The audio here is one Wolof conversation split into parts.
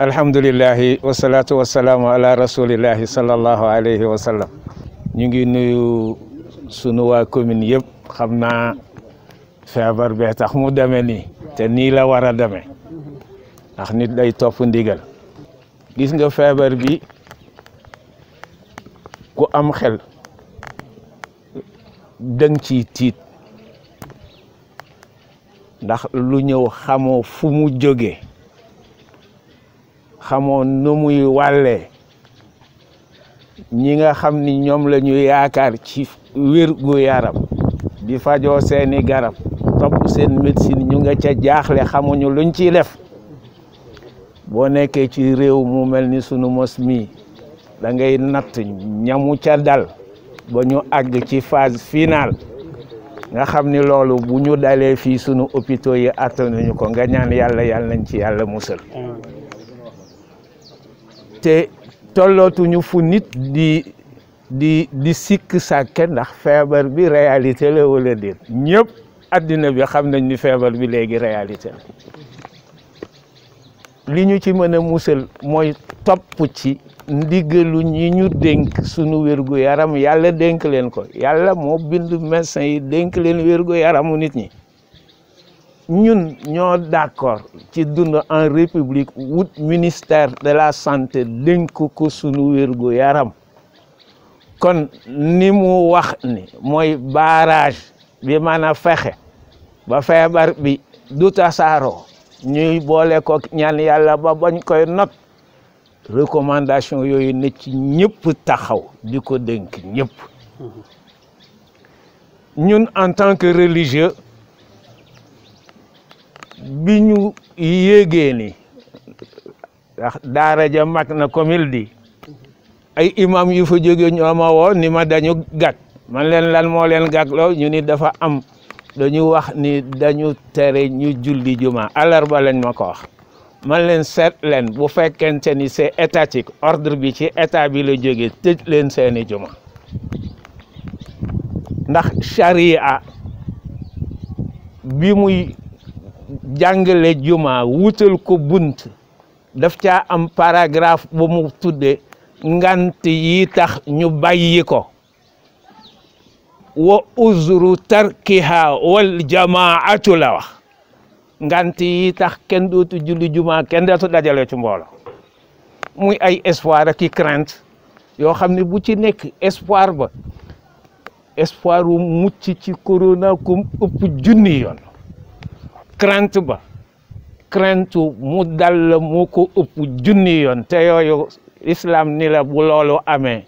alhamdulilahi wasalaatu wasalaamu ala rasulillahi sallallahu alayhi wa sallam ñu ngi nuyu sunu waa commune yëpp xam naa feebar bee tax mu demee nii te nii la war a demee ndax nit day topp ndigal gis nga feebar bi ku am xel dëng ci tiit ndax lu ñëw xamoo fu mu jógee xamoon nu muy wàllee ñi nga xam ni ñoom la ñu yaakaar ci wér gu yaram di fajoo seeni garab topp seen médecine ñu nga ca jaaxle xamuñu luñ ciy lef boo nekkee ci réew mu mel ni sunu mos mi dangay ngay natt ñamu ca dal ba ñu àgg ci phase finale nga xam ni loolu bu ñu dalee fii sunu hôpitaux yi attanuñu ko nga ñaan yàlla yàlla nañ ci yàlla musal te tollootuñu fu nit di di di sikk sàkke ndax feebar bi réalité la wala déet ñëpp addina bi xam nañ ni feebar bi léegi réalité la li ñu ci mën a musal mooy topp ci ndigalu ñi ñu dénk sunu wérgu yaram yàlla dénk leen ko yàlla moo bind médecin yi denk leen wérgu yaramu nit ñi Nous sommes d'accord en république le ministère de la santé Nous ko sunu wérgu yaram kon ni mu wax ni barrage bi ba bi nous ñuy ko koy not recommandation ne Nous, mmh. en tant que religieux bi ñu yéegee ni ndax daara ja mag na komil di ay imam yu fa jóge ñoo ma ni ma dañu gàgg man leen lan moo leen gàgg loo ñu ni dafa am dañu wax ni dañu tere ñu julli juma alarba lañ ma ko wax man leen seet leen bu fekkente ni c'est étatique ordre bi ci état bi la jóge tëj leen seeni juma ndax charia bi muy jàngale juma wutal ko bunt daf ca am paragraphe bu mu tudde ngant yi tax ñu bàyyi ko wa uzru tarkiha wal jamaatu la wax ngant yi tax kenn dootu julli juma kenn dootu dajale ci muy ay espoir ak i crainte yoo xam ne bu ci nekk espoir ba espoir wu mucc ci corona kum ëpp junni yoon crainte ba crainte mu dal la moo ko ëpp junni yoon te yooyu islam ni la bu loolu amee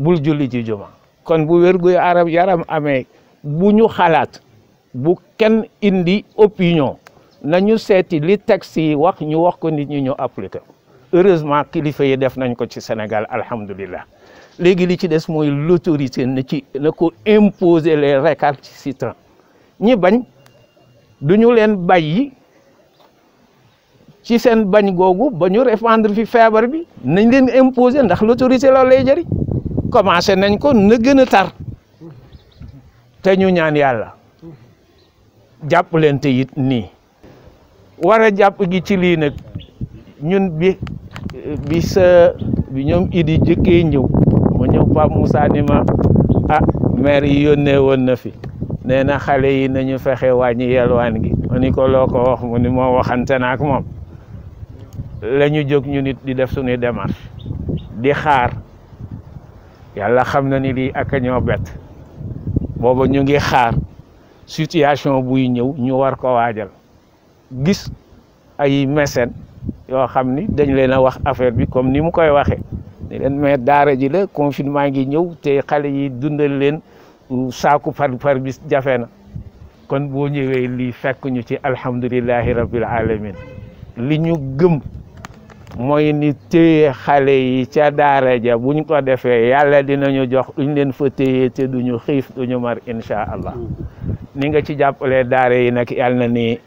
bul julli ci juma kon bu wérgu arab yaram amee bu ñu xalaat bu kenn indi opinion nañu seeti li texte yi wax ñu wax ko nit ñi ñu appliqué heureusement kilifa yi def nañ ko ci senegal alhamdulillah léegi li ci des mooy l'autorité na ci na ko imposer les récalcitrants ñi bañ du duñu leen bàyyi ci seen bañ googu ba ñu répandre fi feebar bi nañ leen imposer ndax l'autorité loolu lay jari commencé nañ ko na gën a tar te ñu ñaan yàlla jàpp leen te it nii war a jàpp gi ci lii nag ñun bi bi sa bi ñoom idi jëkkee ñëw ma ñëw Pape Moussa ni ma ah maire yi yónnee woon na fi nee na xale yi nañu fexe wàññi yelwaan gi ma ni ko loo ko wax mu ni moo waxante na ak moom la ñu jóg ñu nit di def suñuy démarche di xaar yàlla xam na ni lii ak ñoo bett booba ñu ngi xaar situation buy ñëw ñu war ko waajal gis ay mécène yoo xam ni dañ leen a wax affaire bi comme ni mu koy waxee ni leen mais daara ji la confinement ngi ñëw te xale yi dundal leen saaku par par bis jafe na kon boo ñëwee lii fekk ñu ci alhamdulillahi rabbil alamin li ñu gëm mooy ni téye xale yi ca daara ja buñ ko defee yàlla dinañu jox duñ leen fa téye te ñu xiif duñu mar incha allah ni nga ci jàppalee daara yi nag yal na ni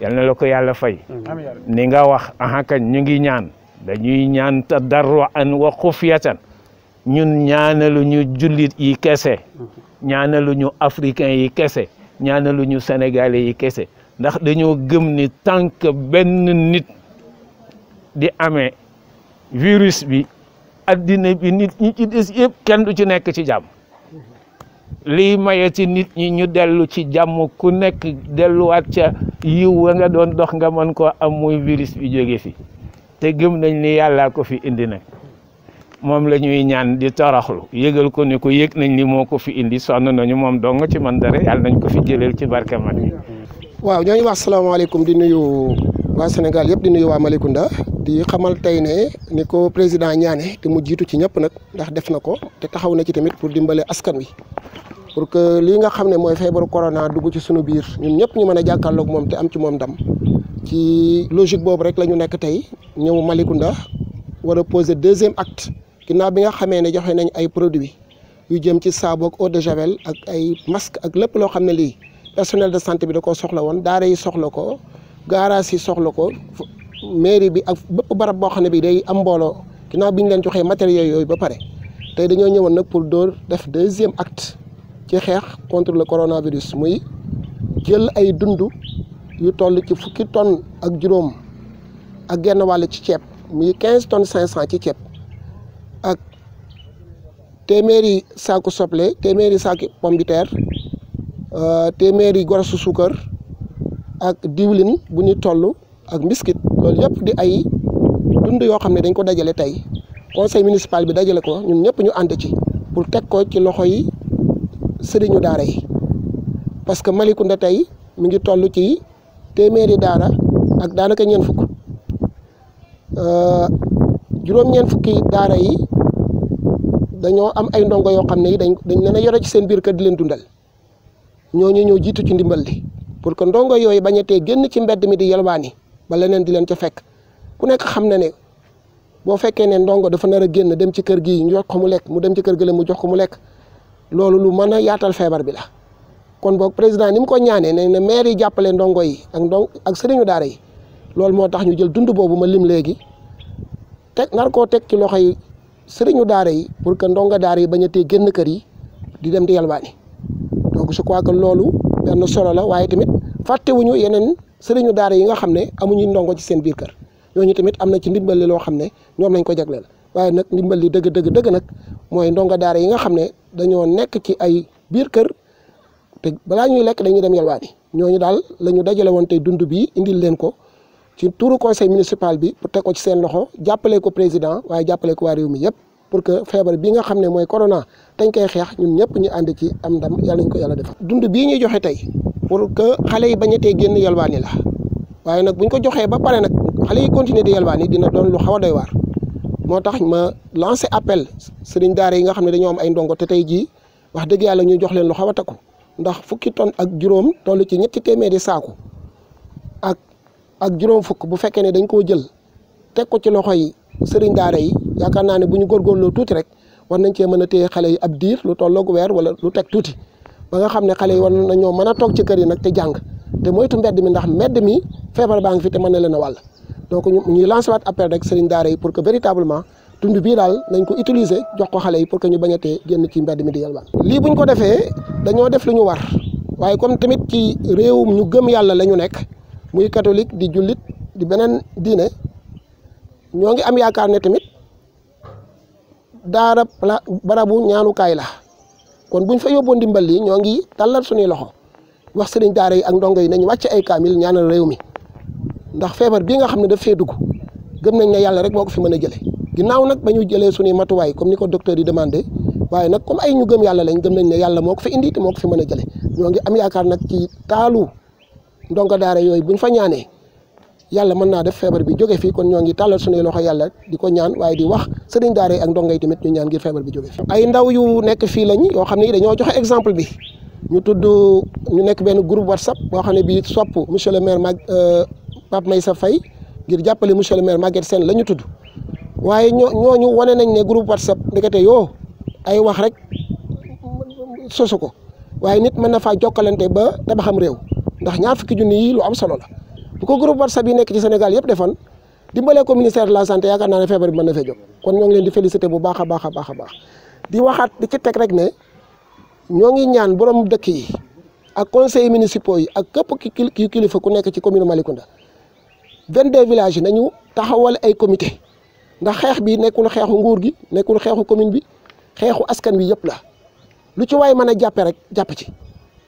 yal na la ko yàlla fay ni nga wax aha kañ ñu ngi ñaan dañuy ñaan tadarruan wa xufiyatan ñun ñaanalu ñu jullit yi kese ñaanaluñu africain yi kese ñaanaluñu sénégalais yi kese ndax dañoo gëm ni tànk benn nit di ame virus bi addina bi nit ñu ci des yëpp kenn du ci nekk ci jàmm lii maye ci nit ñi ñu dellu ci jàmm ku nekk delluwaat ca yiw wa nga doon dox nga mën ko am muy virus bi jóge fi te gëm nañ ni yàllaa ko fi indi nag moom la ñuy ñaan di taraxlu yëgal ko ne ko yëg nañ ni moo ko fi indi sonn nañu moom dong ci man dara yàlla nañ ko fi jëleel ci barke man yi waaw ñoo ngi wax salaamaaleykum di nuyu waa Sénégal yëpp di nuyu waa Malicounda di xamal tey ne ni ko président ñaane te mu jiitu ci ñëpp nag ndax def na ko te taxaw na ci tamit pour dimbale askan wi pour que lii nga xam ne mooy feebaru corona dugg ci sunu biir ñun ñëpp ñu mën a jàkkaarloog moom te am ci moom ndam ci logique boobu rek la ñu nekk tey ñëw Malicounda war a poser deuxième ginnaaw bi nga xamee ne joxe nañ ay produits yu jëm ci saabu ak eau de javel ak ay masque ak lépp loo xam ne lii personnel de santé bi da koo soxla woon daara yi soxla ko garage yi soxla ko mairie bi ak bépp barab boo xam ne bi day am mbooloo ginnaaw bi ñu leen joxee matériel yooyu ba pare tey dañoo ñëwoon nag pour door def deuxième acte ci xeex contre le coronavirus muy jël ay dund yu toll ci fukki tonnes ak juróom ak genn wàll ci ceeb muy 15 tonnes 500 ci ceeb téeméeri saaku soble téeméeri saaki pomme de euh, téeméeri gorosu suukar ak diwlin bu ñu toll ak mbiskit loolu yëpp di ay dund yoo xam ne dañ ko dajale tey conseil municipal bi dajale ko ñun ñëpp ñu ànd ci pour teg ko ci loxo yi sëriñu daara yi parce que Malicounda tey mi ngi toll ci téeméeri daara ak daanaka ñeent fukk euh, juróom-ñeent fukki daara yi dañoo am ay ndongo yoo xam ne yi dañ dañ leen a yore ci seen biir kër di leen dundal ñooñu ñëw jiitu ci ndimbal li pour que ndongo yooyu bañ a tee génn ci mbedd mi di yelwaani ba leneen di leen ca fekk ku nekk xam ne ne boo fekkee ne ndongo dafa nar a génn dem ci kër gi ñu jox ko mu lekk mu dem ci kër gi la mu jox ko mu lekk loolu lu mën a yaatal feebar bi la kon boo président ni mu ko ñaanee ne ne maire yi jàppale ndongo yi ak ndong ak sëriñu daara yi loolu moo tax ñu jël dund boobu ma lim léegi teg nar koo teg ci loxo yi sëriñu daara yi pour que ndonga daara yi bañ a tee génn kër yi di dem di yalwaani donc je crois que loolu benn solo la waaye tamit fàttewuñu yeneen sëriñu daara yi nga xam ne amuñu ndongo ci seen biir kër ñooñu tamit am na ci ndimbal loo xam ne ñoom lañ ko jagleel waaye nag ndimbal li dëgg dëgg dëgg nag mooy ndonga daara yi nga xam ne dañoo nekk ci ay biir kër te balaa ñuy lekk dañuy dem yalwaani ñooñu daal la ñu dajale woon tey dund bii indil leen ko. ci turu conseil municipal bi pour teg ko ci seen loxo jàppale ko président waaye jàppale ko waa réew mi yëpp pour que feebar bi nga xam ne mooy corona dañ koy xeex ñun ñëpp ñu ànd ci am ndam yàlla nañ ko yàlla defal. dund bii ñuy joxe tey pour que xale yi ba a tee génn yalwaani la waaye nag buñ ko joxee ba pare nag xale yi continuer di yalwaani dina doon lu xaw a doy waar moo tax ma lancé appel sëriñ daara yi nga xam ne dañoo am ay ndongo te tey jii wax dëgg yàlla ñu jox leen lu xaw a takku ndax fukki tonne ak juróom toll ci ñetti téeméeri saaku ak juróom fukk bu fekkee ne dañ koo jël teg ko ci loxo yi sëriñ daara yi yaakaar naa ne bu ñu góorgóorloo tuuti rek war nañ cee mën a téye xale yi ab diir lu tolloog weer wala lu teg tuuti ba nga xam ne xale yi war ñoo mën a toog ci kër yi nag te jàng te moytu mbedd mi ndax mbedd mi feebar baa ngi fi te mën na leen a wàll donc ñu ñuy lancé waat appel rek sëriñ daara yi pour que véritablement tund bi daal nañ ko utiliser jox ko xale yi pour que ñu bañ tee génn ci mbedd mi di yalwaan lii ko defee dañoo def lu ñu war waaye comme tamit ci réewum ñu gëm yàlla la ñu nekk muy catholique di julit di benen diiné ñoo ngi am yaakar ne tamit daara barabu kay la kon buñ fa yóbboo ndimbal lii ñoo ngi tàllal suñuy loxo wax sëriñ daara yi ak ndongo yi nañu wàcc ay kamil ñaanal réew ndax bi nga da gëm nañ ne yalla rek moko fi mëna jëlé ginnaw nak bañu jëlé suñu jëlee suñuy comme niko docteur yi demandé waye nak comme ay ñu gëm yalla lañ gëm nañ ne yalla moko fi indi te moko fi mëna jëlé am yaakar nak ci talu ndongo daara yooyu buñ fa ñaanee yàlla mën naa def feebar bi jóge fii kon ñoo ngi tàllal suñuy loxo yàlla di ko ñaan waaye di wax sëriñ daara ak ndongo yi tamit ñu ñaan ngir feebar bi jóge fii. ay ndaw yu nekk fii lañ yoo xam ne dañoo joxe exemple bi ñu tudd ñu nekk benn groupe whatsapp boo xam ne bii sopp monsieur le maire mag euh, may sa Faye ngir jàppale monsieur le maire Maguette Sène la ñu tudd waaye ñoo ñu wane nañ ne groupe whatsapp ndekete yoo ay wax rek sosu ko waaye nit mën na faa jokkalante ba tabaxam réew. ndax ñaar fukki junni yi lu am solo la bu ko groupe whatsapp yi nekk ci Sénégal yëpp defan dimbalee ko ministère la santé yaakaar naa ne feebar bi mën na fee jóg kon ñoo ngi leen di félicité bu baax a baax a baax a baax di waxaat di ci teg rek ne ñoo ngi ñaan borom dëkk yi ak conseil municipaux yi ak képp ki kilifa ku nekk ci commune Malicounda 22 villages yi nañu taxawal ay comité ndax xeex bi nekkul xeexu nguur gi nekkul xeexu commune bi xeexu askan wi yëpp la lu ci waay mën a jàppe rek jàpp ci